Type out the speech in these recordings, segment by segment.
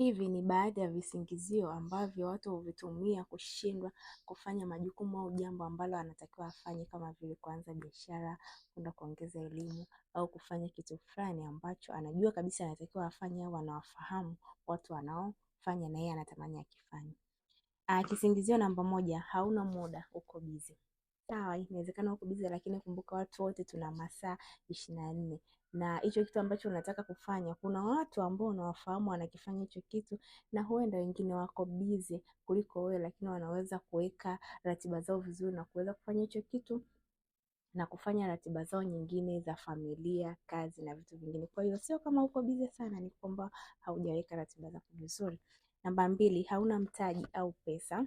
Hivi ni baadhi ya visingizio ambavyo watu huvitumia kushindwa kufanya majukumu au jambo ambalo anatakiwa afanye, kama vile kuanza biashara, kwenda kuongeza elimu, au kufanya kitu fulani ambacho anajua kabisa anatakiwa afanye au anawafahamu watu wanaofanya na yeye anatamani akifanye. Ah, kisingizio namba moja, hauna muda, uko bizi sawa, inawezekana uko busy, lakini kumbuka watu wote tuna masaa ishirini na nne na hicho kitu ambacho unataka kufanya, kuna watu ambao unawafahamu wanakifanya hicho kitu, na huenda wengine wako busy kuliko wewe, lakini wanaweza kuweka ratiba zao vizuri na kuweza kufanya hicho kitu na kufanya ratiba zao nyingine za familia, kazi na vitu vingine. Kwa hiyo sio kama uko bize sana, ni kwamba haujaweka ratiba zako vizuri. Namba mbili, hauna mtaji au pesa.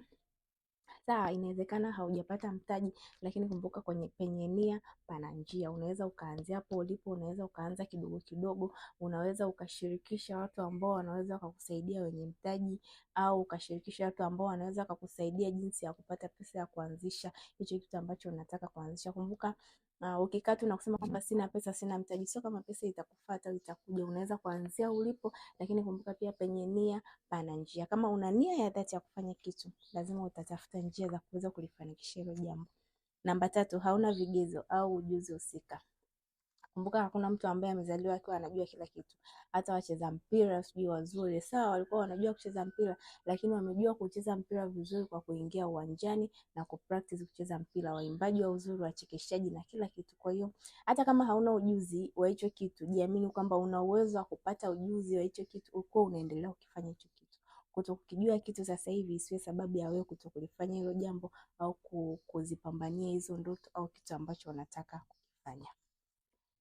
Sawa, inawezekana haujapata mtaji, lakini kumbuka kwenye penye nia pana njia. Unaweza ukaanzia hapo ulipo, unaweza ukaanza kidogo kidogo, unaweza ukashirikisha watu ambao wanaweza wakakusaidia wenye mtaji, au ukashirikisha watu ambao wanaweza wakakusaidia jinsi ya kupata pesa ya kuanzisha hicho kitu ambacho unataka kuanzisha. Kumbuka Uh, ukikaa tu na kusema kwamba sina pesa, sina mtaji, sio kama pesa itakufuata au itakuja. Unaweza kuanzia ulipo, lakini kumbuka pia penye nia pana njia. Kama una nia ya dhati ya kufanya kitu, lazima utatafuta njia njia za kuweza kulifanikisha hilo jambo. Namba tatu, hauna vigezo au ujuzi husika. Kumbuka hakuna mtu ambaye amezaliwa akiwa anajua kila kitu. Hata wacheza mpira sijui wazuri, sawa, walikuwa wanajua kucheza mpira, lakini wamejua kucheza mpira vizuri kwa kuingia uwanjani na kupractice kucheza mpira, waimbaji wa uzuri, wachekeshaji na kila kitu. Kwa hiyo hata kama hauna ujuzi wa hicho kitu, jiamini kwamba una uwezo wa kupata ujuzi wa hicho kitu, uko unaendelea ukifanya hicho kitu. Kutokukijua kitu sasa hivi isiwe sababu ya wewe kutokulifanya hilo jambo au kuzipambania hizo ndoto au kitu ambacho unataka kukifanya.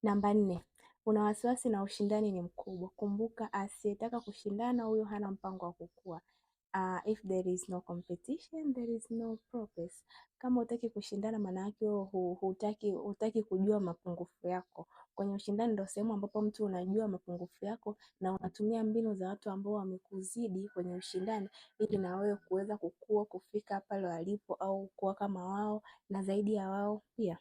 Namba nne, una wasiwasi na ushindani ni mkubwa. Kumbuka, asiyetaka kushindana huyo hana mpango wa kukua. Uh, if there is no competition there is no progress. Kama hutaki kushindana, maana yake hutaki hutaki kujua mapungufu yako. Kwenye ushindani ndio sehemu ambapo mtu unajua mapungufu yako na unatumia mbinu za watu ambao wamekuzidi kwenye ushindani, ili na wewe kuweza kukua, kufika pale walipo au kuwa kama wao na zaidi ya wao pia.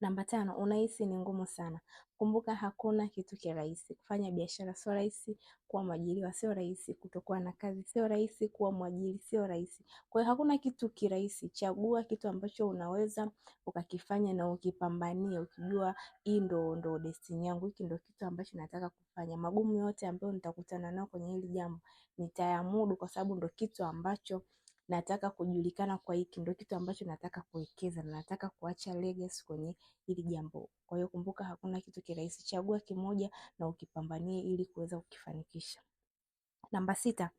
Namba tano, unahisi ni ngumu sana. Kumbuka hakuna kitu kirahisi rahisi. Kufanya biashara sio rahisi, kuwa mwajiriwa sio rahisi, kutokuwa na kazi sio rahisi, kuwa mwajiri sio rahisi. Kwa hiyo hakuna kitu kirahisi. Chagua kitu ambacho unaweza ukakifanya na ukipambanie, ukijua hii ndo ndo destiny yangu, hiki ndo kitu ambacho nataka kufanya. Magumu yote ambayo nitakutana nao kwenye hili jambo nitayamudu, kwa sababu ndo kitu ambacho nataka kujulikana kwa hiki, ndio kitu ambacho nataka kuwekeza na nataka kuacha legacy kwenye hili jambo. Kwa hiyo kumbuka, hakuna kitu kirahisi, chagua kimoja na ukipambanie ili kuweza kukifanikisha. Namba sita,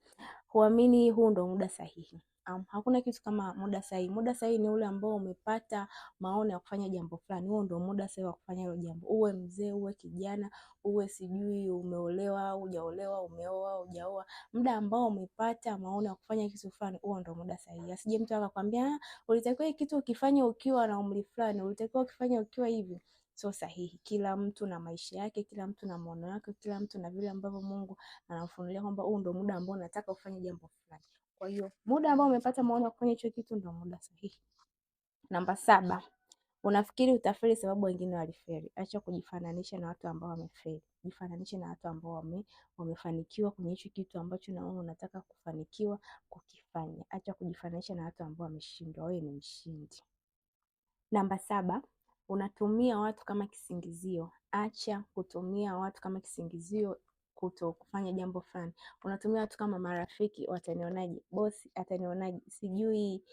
huamini huu ndo muda sahihi. Um, hakuna kitu kama muda sahihi. Muda sahihi ni ule ambao umepata maono ya kufanya jambo fulani, huo ndio muda sahihi wa kufanya hilo jambo. Uwe mzee, uwe kijana, uwe sijui umeolewa, hujaolewa, umeoa, hujaoa, muda ambao umepata maono ya kufanya kitu fulani, huo ndio muda sahihi. Asije mtu akakwambia ah, ulitakiwa kitu ukifanya ukiwa na umri fulani, ulitakiwa ukifanya ukiwa hivi sio sahihi. Kila mtu na maisha yake, kila mtu na maono yake, kila mtu na vile ambavyo Mungu anamfunulia kwamba huu ndio muda ambao nataka ufanye jambo fulani. Kwa hiyo muda ambao umepata maono ya kufanya hicho kitu ndio muda sahihi. Namba saba, unafikiri utafeli sababu wengine walifeli. Acha kujifananisha na watu ambao wamefeli, jifananishe na watu ambao wame, wamefanikiwa kwenye hicho kitu ambacho na wewe unataka kufanikiwa kukifanya. Acha kujifananisha na watu ambao wameshindwa, wewe ni mshindi. Namba saba, unatumia watu kama kisingizio. Acha kutumia watu kama kisingizio kuto kufanya jambo fulani. Unatumia watu kama marafiki, watanionaje? Bosi atanionaje? sijui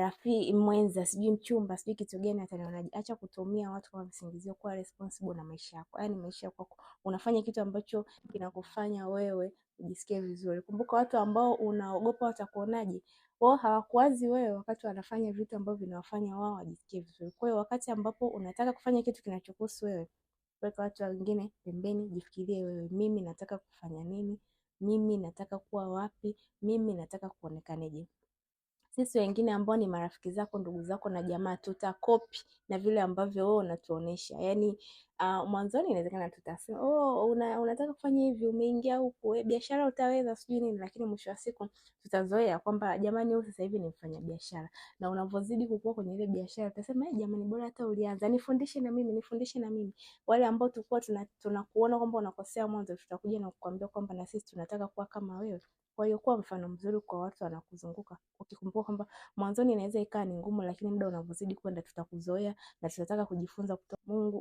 rafiki mwenza, sijui mchumba, sijui kitu gani atanionaje. Acha kutumia watu kama visingizio kuwa responsible na maisha yako, yaani maisha yako, unafanya kitu ambacho kinakufanya wewe ujisikie vizuri. Kumbuka watu ambao unaogopa watakuonaje, wao hawakuwazi wewe wakati wanafanya vitu ambavyo vinawafanya wao wajisikie vizuri. Kwa hiyo wakati ambapo unataka kufanya kitu kinachokuhusu wewe, weka watu wengine pembeni, jifikirie wewe, mimi nataka kufanya nini? Mimi nataka kuwa wapi? Mimi nataka kuonekaneje? sisi wengine ambao ni marafiki zako, ndugu zako na jamaa, tutakopi na vile ambavyo wewe unatuonesha. yani uh, mwanzoni inawezekana tutasema oh, una, unataka kufanya hivi, umeingia huku biashara utaweza sijui nini, lakini mwisho wa siku tutazoea kwamba jamani, huyu sasa hivi ni mfanya biashara, na unavyozidi kukua kwenye ile biashara utasema hey, eh, jamani, bora hata ulianza, nifundishe na mimi, nifundishe na mimi. Wale ambao tulikuwa tunakuona tuna kwamba unakosea mwanzo, tutakuja na kukwambia kwamba na sisi tunataka kuwa kama wewe. Kwa hiyo kuwa mfano mzuri kwa watu wanakuzunguka, ukikumbuka kwamba mwanzoni inaweza ikawa ni ngumu, lakini muda unavyozidi kwenda tutakuzoea na tutataka kujifunza kutoka Mungu.